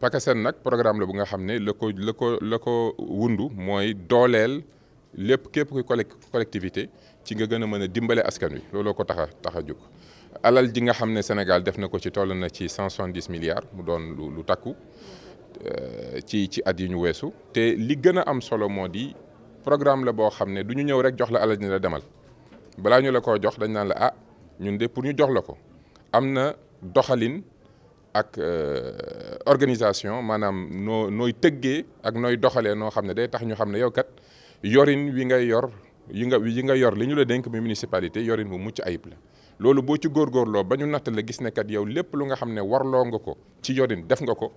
PACASEN nag programme la bu nga xam ne la ko la ko la ko wundu mooy dooleel lépp képp kuy collectivité ci nga gën a mën a dimbale askan wi looloo ko tax a tax a jóg alal ji nga xam ne Sénégal def na ko ci toll na ci cent soixante-dix milliards mu doon lu lu takku euh, ci ci at yi ñu weesu te li gën a am solo moo di programme la boo xam ne du ñu ñëw rek jox la alal ni la demal balaa ñu la ko jox dañ naan la ah ñun de pour ñu jox la ko am na doxalin ak euh, organisation maanaam noo nooy tëggee ak nooy doxalee noo xam ne day tax ñu xam ne yow kat yorin wi ngay yor yi nga yi nga yor li ñu la dénk mu municipalité yorin bu mucc ayib la loolu boo ci góorgóorloo ba ñu natt la gis ne kat yow lépp lu nga xam ne warloo nga ko ci yorin def nga ko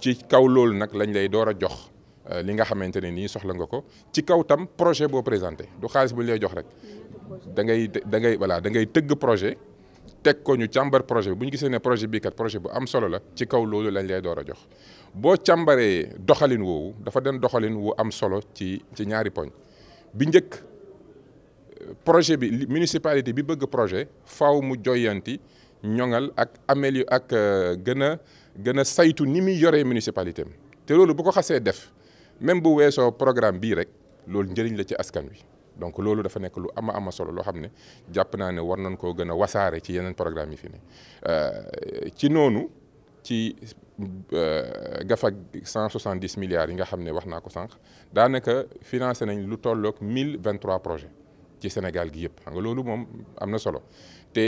ci kaw loolu nag lañ lay door a jox euh, li nga xamante ne nii soxla nga ko ci kaw tam projet boo présenté du xaalis bu ñu lay jox rek mm. da da ngay voilà da ngay tëgg projet teg ko ñu càmbar projet bi bu ñu gisee ne projet bii kat projet bu am solo la ci kaw loolu lañ lay door a jox boo càmbaree doxalin woowu dafa den doxalin wu am solo ci ci ñaari poñ bi njëkk projet bi municipalité bi bëgg projet faw mu joyanti ñoŋal ak amélio ak euh, gën a gën a saytu ni muy yoree municipalité am te loolu bu ko xasee def même bu weesoo programme bii rek loolu njëriñ la ci askan wi. donc loolu dafa nekk lu ama ama solo loo xam ne jàpp naa ne war nañ koo gën a wasaare ci yeneen programme yi fi ne euh, ci noonu ci euh, gafag cent soixante dix milliards yi nga xam ne wax naa ko sànq daanaka financé nañ lu tolloog mille vingt trois projets ci Sénégal gi yëpp xam loolu moom am na solo te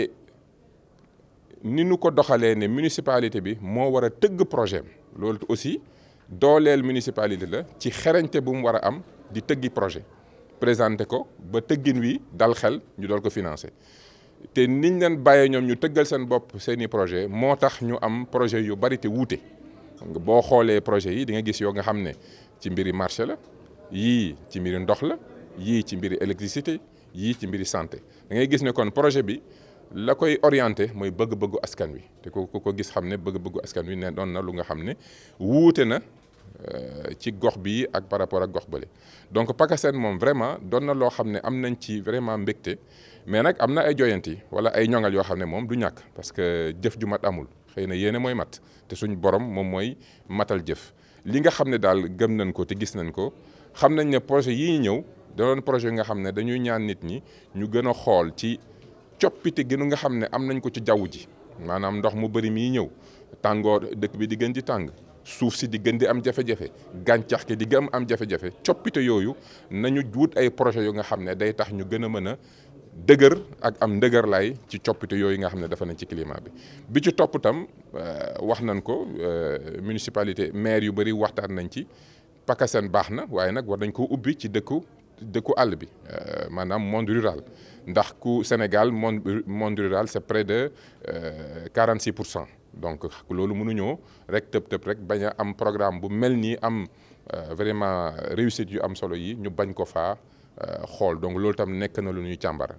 ni nu ko doxalee ne municipalité bi moo war a tëgg projet loolu aussi dooleel municipalité la ci xerañte bu mu war a am di tëggi projet présenté ko ba tëggin wi dal xel ñu doon ko financé te niñ leen bàyyee ñoom ñu tëggal seen bopp seeni projet moo tax ñu am projet yu bari te wuute xam boo xoolee projet yi di nga gis yoo nga xam ne ci mbiri marché la yii ci mbiri ndox la yii ci mbiri électricité yii ci mbiri santé da ngay gis ne kon projet bi la koy orienté mooy bëgg-bëggu askan wi te ku ko gis xam ne bëgg-bëggu askan wi ne doon na lu nga xam ne wuute na Euh, ci gox bi ak par rapport ak gox bële donc PACASEN moom vraiment doon na loo xam ne am nañ ci vraiment mbégte mais nag am na ay joyanti wala ay ñoŋal yoo xam ne moom du ñàkk parce que jëf ju mat amul xëy na yéene mooy mat te suñ borom moom mooy matal jëf li nga xam ne daal gëm nañ ko te gis nañ ko xam nañ ne projet yii ñëw da projet yu nga xam ne dañuy ñaan nit ñi ñu gën a xool ci coppite gënu nga xam ne am nañ ko ci jaww ji maanaam ndox mu bëri mii ñëw tàngoor dëkk bi di gën di tàng suuf si di gën di am jafe-jafe gàncax gi di gën am jafe-jafe coppite yooyu nañu wut ay projet yu nga xam ne day tax ñu gën a mën a dëgër ak am ndëgër laay ci coppite yooyu nga xam ne dafa nañ ci climat bi bi ci topp tam euh, wax nañ ko euh, municipalité maire yu bëri waxtaan nañ ci PACASEN baax na waaye nag war dañ koo ubbi ci dëkku dëkku àll bi euh, maanaam monde rural ndax ku Sénégal monde monde rural c'est près de 46 pour cent donc loolu mënuñoo rek tëb tëb rek bañ a am programme bu mel nii am euh, vraiment réussite yu am solo yi ñu bañ ko faa euh, xool donc loolu tam nekk na lu ñuy càmbar.